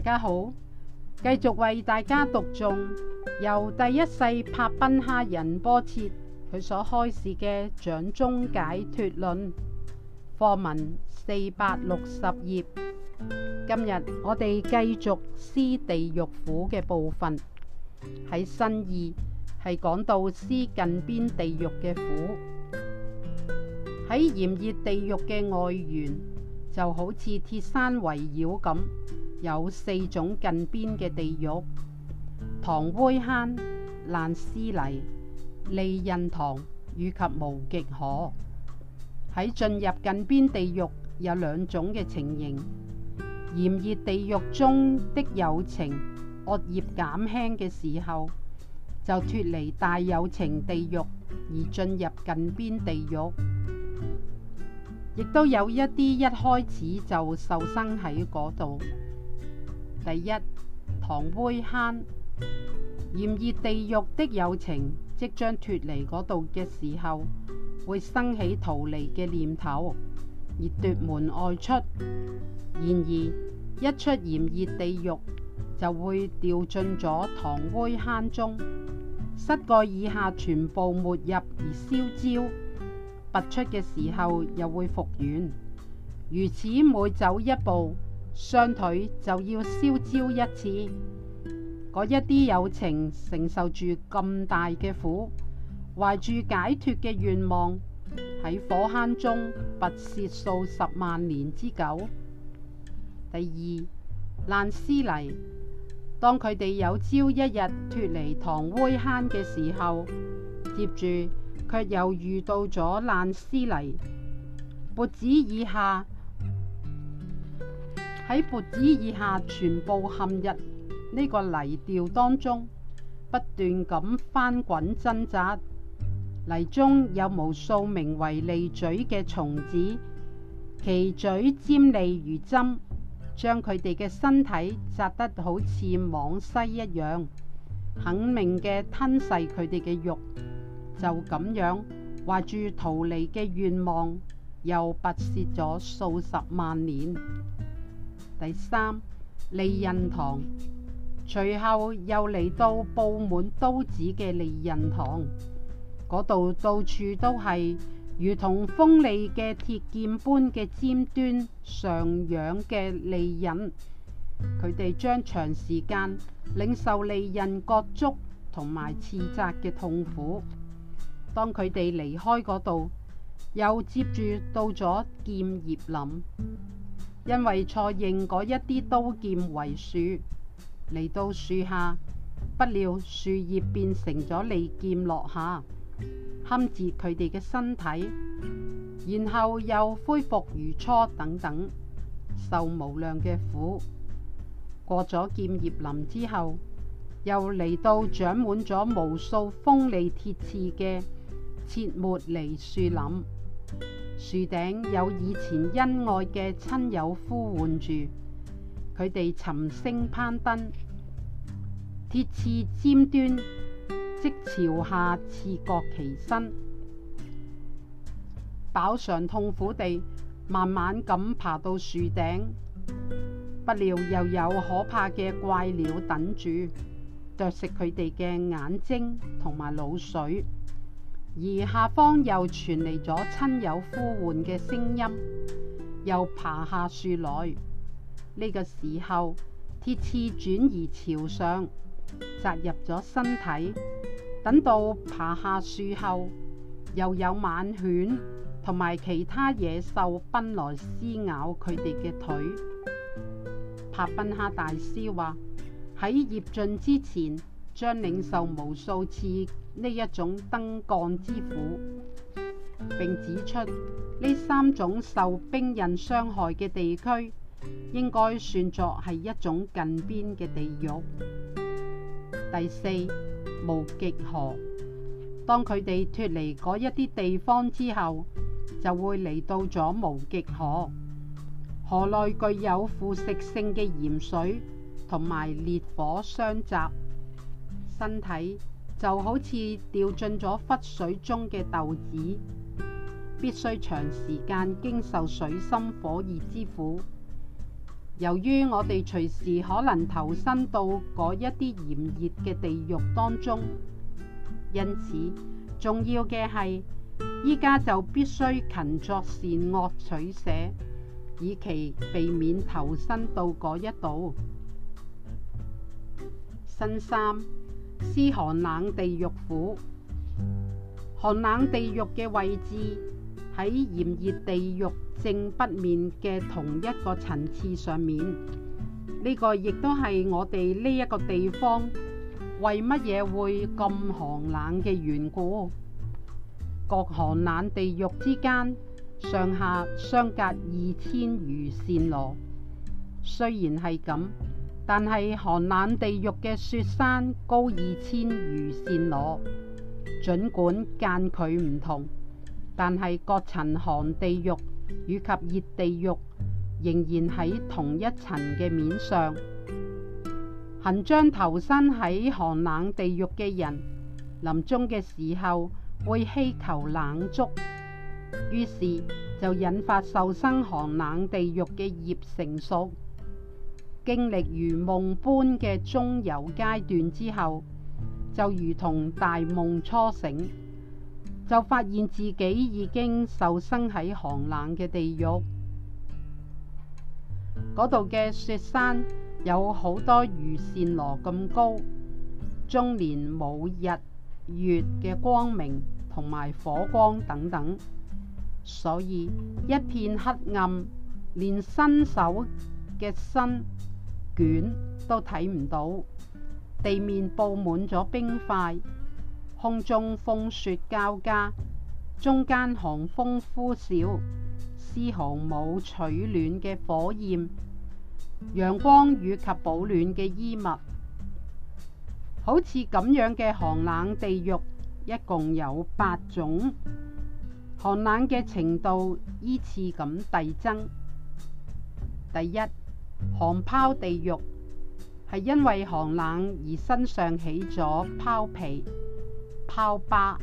大家好，繼續為大家讀誦由第一世帕賓哈仁波切佢所開示嘅《掌中解脫論》課文四百六十頁。今日我哋繼續思地獄苦嘅部分，喺新義係講到思近邊地獄嘅苦，喺炎熱地獄嘅外緣就好似鐵山圍繞咁。有四種近邊嘅地獄：唐灰坑、爛斯泥、利印堂以及無極河。喺進入近邊地獄有兩種嘅情形：炎熱地獄中的有情惡業減輕嘅時候，就脫離大有情地獄而進入近邊地獄；亦都有一啲一開始就受生喺嗰度。第一，唐灰坑，炎熱地獄的友情即將脫離嗰度嘅時候，會生起逃離嘅念頭而奪門外出。然而，一出炎熱地獄，就會掉進咗唐灰坑中，膝蓋以下全部沒入而燒焦，拔出嘅時候又會復原。如此每走一步。雙腿就要燒焦一次，嗰一啲友情承受住咁大嘅苦，懷住解脱嘅願望，喺火坑中跋涉數十萬年之久。第二，爛屍泥，當佢哋有朝一日脫離唐灰坑嘅時候，接住卻又遇到咗爛屍泥，脖子以下。喺脖子以下全部陷入呢、這個泥調當中，不斷咁翻滾掙扎。泥中有無數名為利嘴嘅蟲子，其嘴尖利如針，將佢哋嘅身體扎得好似網絲一樣，狠命嘅吞噬佢哋嘅肉。就咁樣，懷住逃離嘅願望，又跋涉咗數十萬年。第三利刃堂，隨後又嚟到佈滿刀子嘅利刃堂，嗰度到處都係如同鋒利嘅鐵劍般嘅尖端上揚嘅利刃，佢哋將長時間領受利刃割足同埋刺扎嘅痛苦。當佢哋離開嗰度，又接住到咗劍葉林。因為錯認嗰一啲刀劍為樹，嚟到樹下，不料樹葉變成咗利劍落下，堪折佢哋嘅身體，然後又恢復如初，等等，受無量嘅苦。過咗劍葉林之後，又嚟到長滿咗無數鋒利鐵刺嘅切末梨樹林。樹頂有以前恩愛嘅親友呼喚住，佢哋尋聲攀登，鐵刺尖端即朝下刺角其身，飽嚐痛苦地慢慢咁爬到樹頂。不料又有可怕嘅怪鳥等住，啄食佢哋嘅眼睛同埋腦髓。而下方又傳嚟咗親友呼喚嘅聲音，又爬下樹來。呢個時候，鐵刺轉移朝上，扎入咗身體。等到爬下樹後，又有猛犬同埋其他野獸奔來撕咬佢哋嘅腿。帕賓哈大師話：喺業盡之前，將領受無數次。呢一種燈降之苦。並指出呢三種受冰刃傷害嘅地區，應該算作係一種近邊嘅地獄。第四，無極河。當佢哋脫離嗰一啲地方之後，就會嚟到咗無極河。河內具有腐蝕性嘅鹽水，同埋烈火相雜，身體。就好似掉進咗沸水中嘅豆子，必須長時間經受水深火熱之苦。由於我哋隨時可能投身到嗰一啲炎熱嘅地獄當中，因此重要嘅係，依家就必須勤作善惡取捨，以期避免投身到嗰一度。新衫。司寒冷地獄府寒冷地獄嘅位置喺炎熱地獄正北面嘅同一個層次上面，呢、呢個亦都係我哋呢一個地方為乜嘢會咁寒冷嘅緣故。各寒冷地獄之間上下相隔二千餘線路，雖然係咁。但係寒冷地獄嘅雪山高二千餘線攞，儘管間距唔同，但係各層寒地獄與及熱地獄仍然喺同一層嘅面上。行將投身喺寒冷地獄嘅人，臨終嘅時候會希求冷足，於是就引發受生寒冷地獄嘅業成熟。經歷如夢般嘅中游階段之後，就如同大夢初醒，就發現自己已經受生喺寒冷嘅地獄。嗰度嘅雪山有好多如線羅咁高，終年冇日月嘅光明同埋火光等等，所以一片黑暗，連伸手嘅身。卷都睇唔到，地面佈滿咗冰塊，空中風雪交加，中間寒風呼嘯，絲毫冇取暖嘅火焰、陽光與及保暖嘅衣物。好似咁樣嘅寒冷地獄，一共有八種，寒冷嘅程度依次咁遞增。第一。寒泡地獄係因為寒冷而身上起咗泡皮泡疤。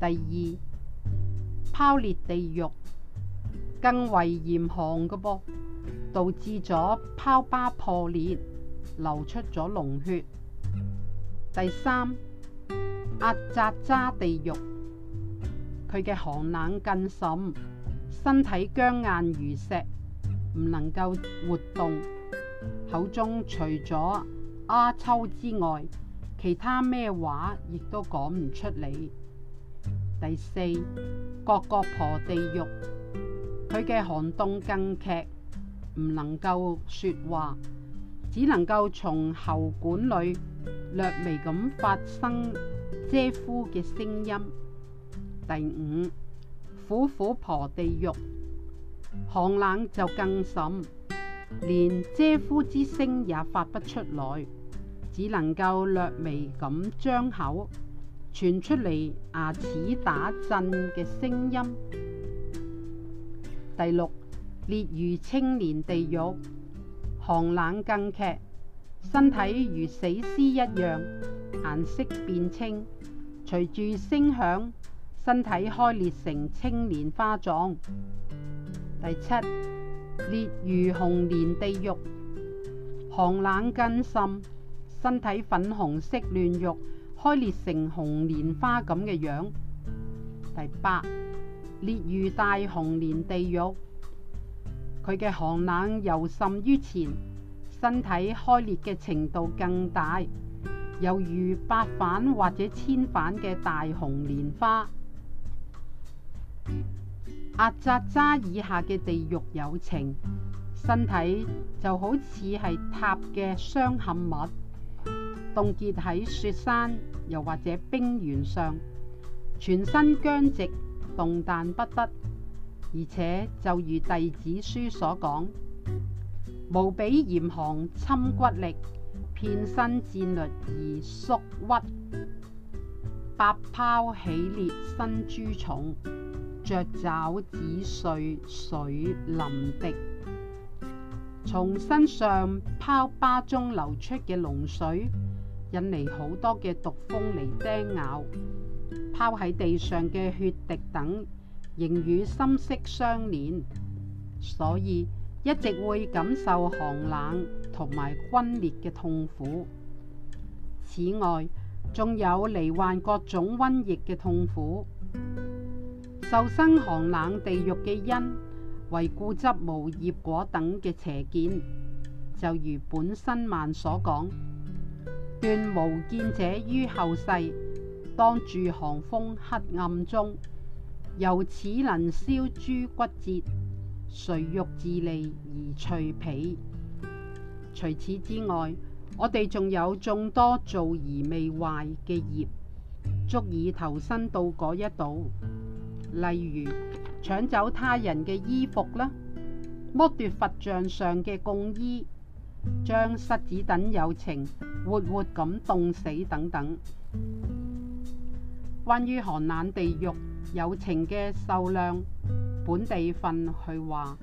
第二，泡裂地獄更為嚴寒嘅噃，導致咗泡疤破裂，流出咗膿血。第三壓扎渣地獄，佢嘅寒冷更甚，身體僵硬如石。唔能夠活動，口中除咗阿秋之外，其他咩話亦都講唔出嚟。第四，個個婆地獄，佢嘅寒冬更劇，唔能夠說話，只能夠從喉管裏略微咁發生嗟呼嘅聲音。第五，苦苦婆地獄。寒冷就更甚，連嗟呼之聲也發不出來，只能夠略微咁張口，傳出嚟牙齒打震嘅聲音。第六，裂如青蓮地獄，寒冷更劇，身體如死屍一樣，顏色變青，隨住聲響，身體開裂成青蓮花狀。第七列，如紅蓮地獄，寒冷更甚，身體粉紅色嫩肉，開裂成紅蓮花咁嘅樣。第八列，如大紅蓮地獄，佢嘅寒冷又甚於前，身體開裂嘅程度更大，猶如八瓣或者千瓣嘅大紅蓮花。阿扎扎以下嘅地獄有情，身體就好似係塔嘅傷痕物，凍結喺雪山又或者冰原上，全身僵直，動彈不得，而且就如弟子書所講，無比嚴寒侵侵骨力，遍身戰慄而縮屈，百拋起裂身諸重。著爪子碎水淋滴，從身上泡疤中流出嘅膿水，引嚟好多嘅毒蜂嚟叮咬，泡喺地上嘅血滴等，仍與心色相連，所以一直會感受寒冷同埋皸裂嘅痛苦。此外，仲有罹患各種瘟疫嘅痛苦。受生寒冷地獄嘅因，為固執無業果等嘅邪見。就如本身曼所講，斷無見者於後世當住寒風黑暗中，由此能燒諸骨節，垂欲自利而脆皮。除此之外，我哋仲有眾多造而未壞嘅業，足以投身到嗰一度。例如搶走他人嘅衣服啦，剝奪佛像上嘅供衣，將虱子等有情活活咁凍死等等。關於寒冷地獄有情嘅壽量，本地分去話，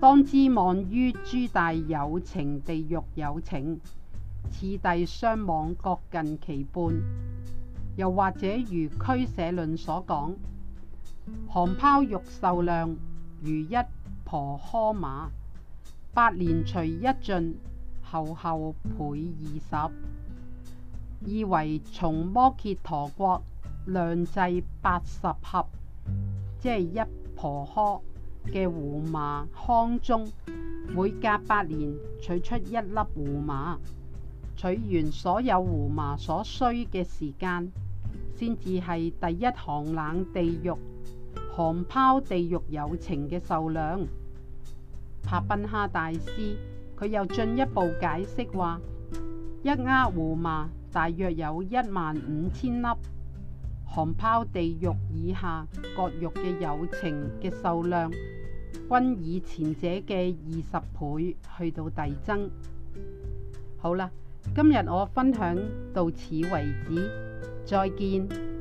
當知望於諸大有情地獄有情，次第相望各近其半。又或者如俱舍論所講。寒拋肉獸量如一婆呵馬，八年除一盡，後後倍二十，意為從摩羯陀國量制八十盒，即係一婆呵嘅胡麻腔中，每隔八年取出一粒胡麻，取完所有胡麻所需嘅時間，先至係第一行冷地獄。寒拋地獄有情嘅數量，帕笨下大師，佢又進一步解釋話：一握胡麻大約有一萬五千粒，寒拋地獄以下各獄嘅有情嘅數量，均以前者嘅二十倍去到遞增。好啦，今日我分享到此為止，再見。